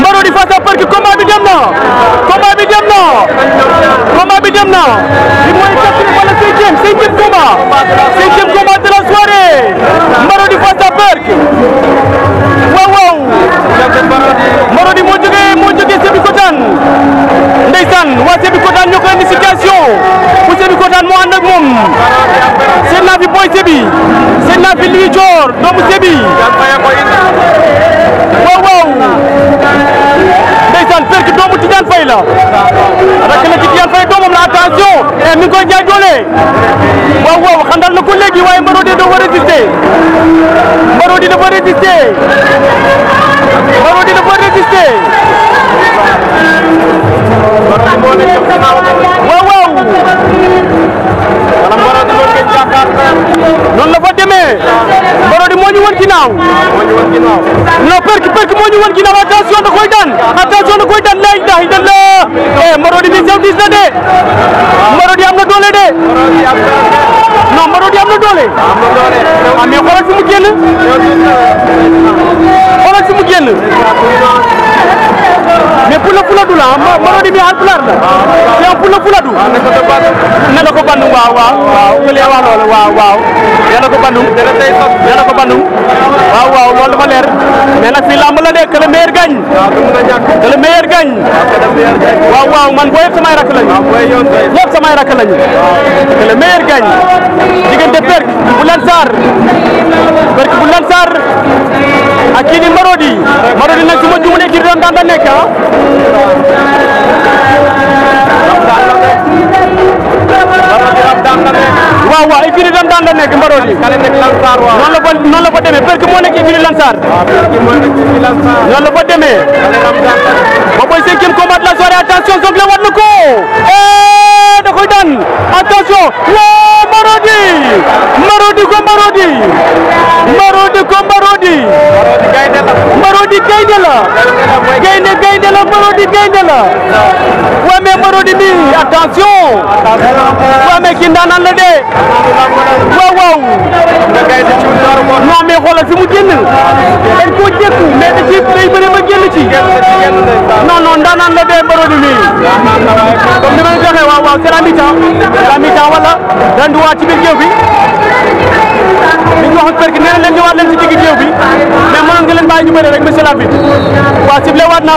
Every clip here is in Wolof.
Mbaro di face à Parki bi dem na combat bi dem na combat bi dem na li mooy quatrième wala cinquième cinquième combat cinquième combat de la Mbaro di face à Parki waaw Mbaro di moo jógee moo jógee Sébikotane ndeysaan waa Sébikotane ñoo ko indi situation bu Sébikotane moo ànd ak moom seen naa fi boy Sébi seen naa fi lii joor doomu Sébi Tidiane Faye la rek la ci Tidiane Faye doomam la attention e mi ngi koy jaajoole waaw waaw xandal na ko léegi waaye Marodi dafa résister Marodi dafa résister Marodi dafa résister noonu la fa demee Marodi moo ñu wan ginnaaw non perk perk moo ñu wan ginnaaw attention da koy daan attention da koy daan lay daay dañ la eh Marodi sew dis na de Marodi am na doole de non Marodi am na doole ah mais xoolal mu génn xoolal fi mu génn. ah ma ma doon indi alpulaar la. waaw yow fula fula du. waaw na ko doon bandum. na ko bandum waaw waaw. waaw fële wax loolu waaw waaw. yéen a ko bandum. dana tey sax yéen a ko bandum. waaw waaw loolu dafa leer. mais nag fii làmb la de que le meilleur gagne. waaw a ñàkk. que le meilleur gagne. waaw waaw man booy yëpp samay rakk lañu. waaw booy yoon perk bu saar perk bu saar. ak kii di Marodi Marodi nag su ma juumee kii doon daan da nekk ah. waaw waaw kii di doon daan da nekk Marodi. noonu la ko noonu la ko moo nekk écurie Lansar noonu la fa demee moom mooy cinquième combat de la soirée attention soog la wat na ko eh da koy daan attention waa Marodi Marodi ko Marodi Marodi ko Marodi Marodi gaynde la gaynde gaynde la Marodi gaynde la waaw mais Marodi bi attention waaw mais kii ndaanaan la de waaw waaw non mais xoolal fi mu génn dañ koo jékku mais da ciy day bëri ba génn ci non non ndaanaan la de Marodi bi comme ni ma leen ko waxee waaw waaw c'est la mi-temps la mi-temps wala ren du waa ci biir géew bi. wax ak perki nee na leen ñëwaat leen si digg géew bi mais mënoon nga leen bàyyi ñu bëri rek monsieur l'arbitre waaw sible waat na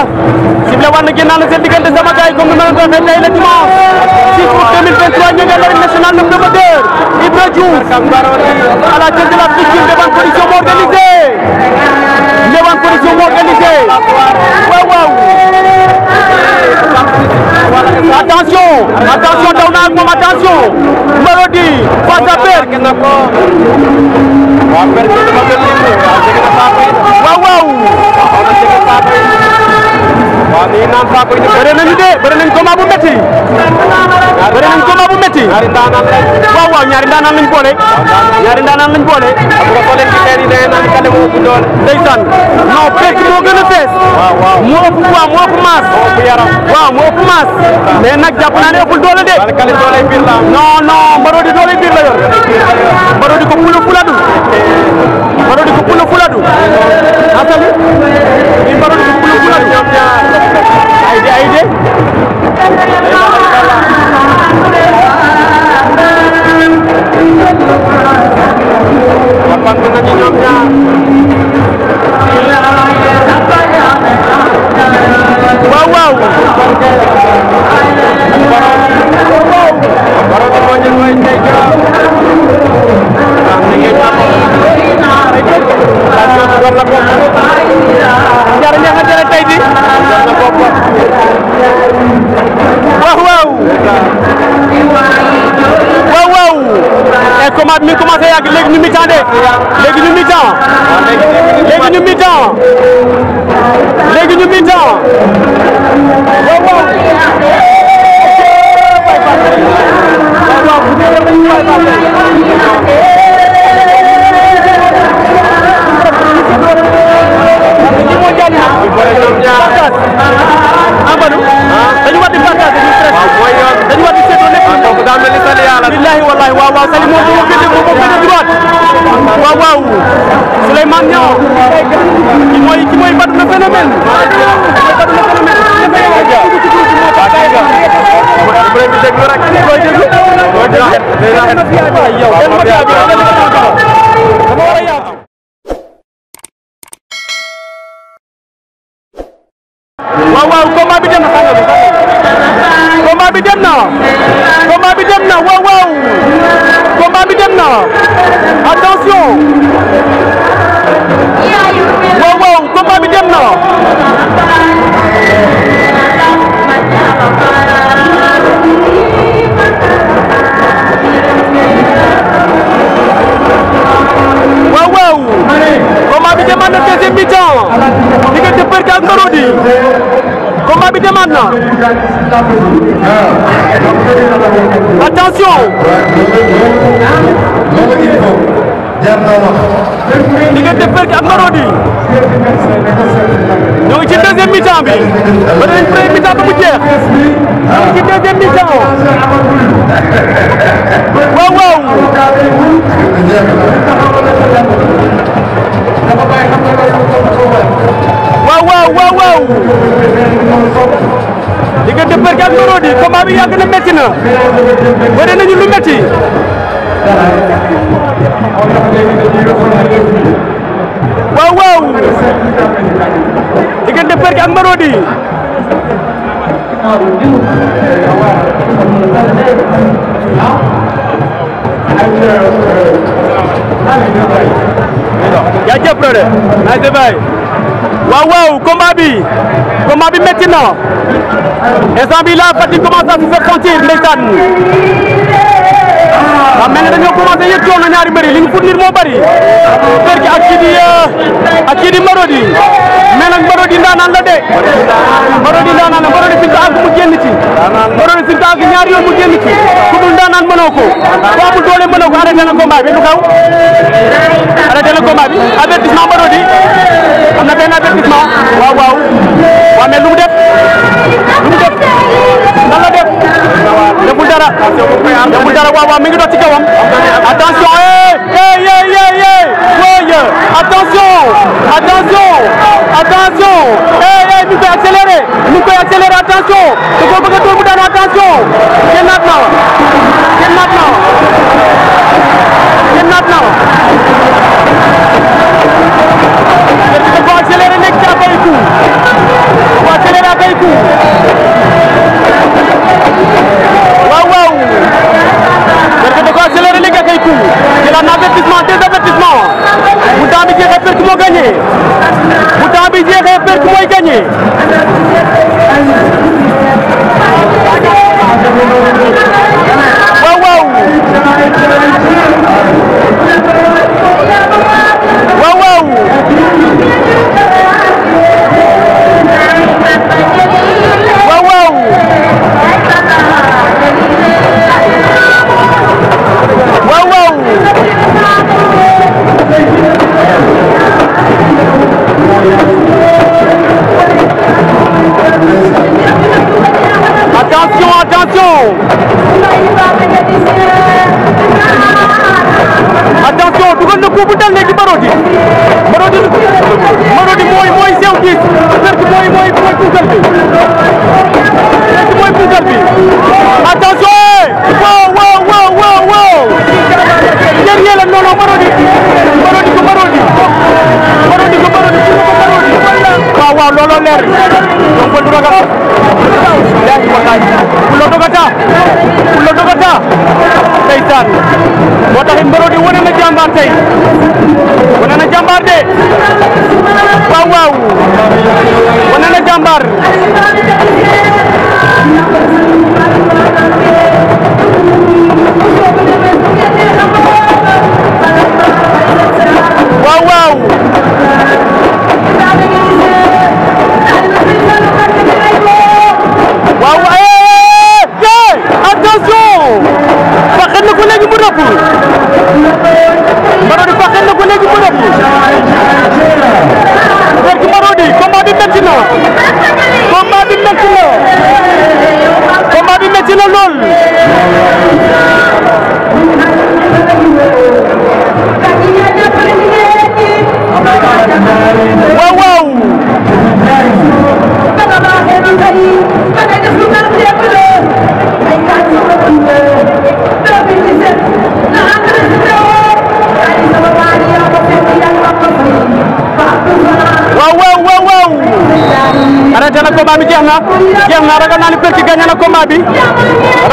sible waat na génnaa na seen diggante sama gars yi comme ni ma leen ko waxee tey la dimanche 6 août 2023 ñu ngi l'arène nationale le promoteur Ibra Diouf à la tête de la structure Ndeban production moo organisé Ndeban production moo organisé waaw waaw attention attention daw naa ak moom attention Marodi face à Perk waaw waaw waaw ni naan saako yi bëri nañu de bëri nañ combat ini metti bëri nañ combat bu metti ñaari ndaanaan lañ waaw waaw ñaari ndaanaan lañ boole ñaari ndaanaan lañ boole xam nga ko leen ci xeer yi day naan kane moo ëpp doole ndeysaan non fekk moo gën a fees waaw waaw moo ëpp poids moo ëpp maas moo ëpp yaram waaw moo ëpp maas mais lagi. jàpp naa ne di doole lagi. mais comment mi commencé yàgg léegi ñu mi-temps de léegi ñu mi-temps léegi ñu mi-temps léegi ñu waaw waaw combat bi dem na sànq bi combat bi dem na combat bi dem na waaw waaw combat bi dem na combat bi demaat na attention diggante Perk ak Marodi ñoo ngi ci deuxième mi-temps bi ba dañ premier mi-temps ba mu jeex ñoo ngi ci deuxième mi-temps waaw waaw waaw waaw waaw waaw diggante Bargny ak Marodi combat bi yàgg na métti na bëri nañu lu métti waaw waaw diggante Bargny ak Marodi jaajëf brother nice bye waaw waaw combat bi combat bi métti na instant bi la Fatick commence à se sentir ndeysaan waaw mel na dañoo commencé yëg coono ñaari mbëri li ñu fournir moo bëri Zarki ak kii di euh, ak kii di Marodi la de Marodi ndaanaan la Marodi si mu génn ci Marodi si ñaari yoon mu génn ci mënoo ko boo amul doole mënoo ko arrêté na combat bi lu xaw arrêté na combat bi avertissement Marodi am na benn avertissement waaw waaw waaw mais lu mu def lu mu def lan la def deful dara deful dara waaw waaw mi ngi dox ci kawam attention eh eh eh eh, eh. wooy attention attention attention eh eh mi ngi koy accéléré mi ngi koy accéléré attention da koo bëgg a dóor mu daanu attention génnaat na You're not now. You're not now. laaj Pulo dogata Pulo dogata ndeysaan moo tax mbëro di wane na jàmbaar tey wane na de waaw waaw wane na jeex na jeex na ragal naa ni Perti gagné na combat bi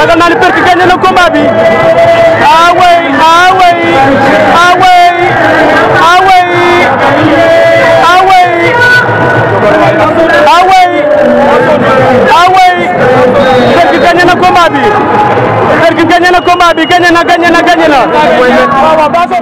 ragal naa ni Perti gagné na combat bi ah way ah way ah way ah way ah way ah way ah way Perti gagné na combat bi Perti gagné na combat bi gagné na gagné na gagné na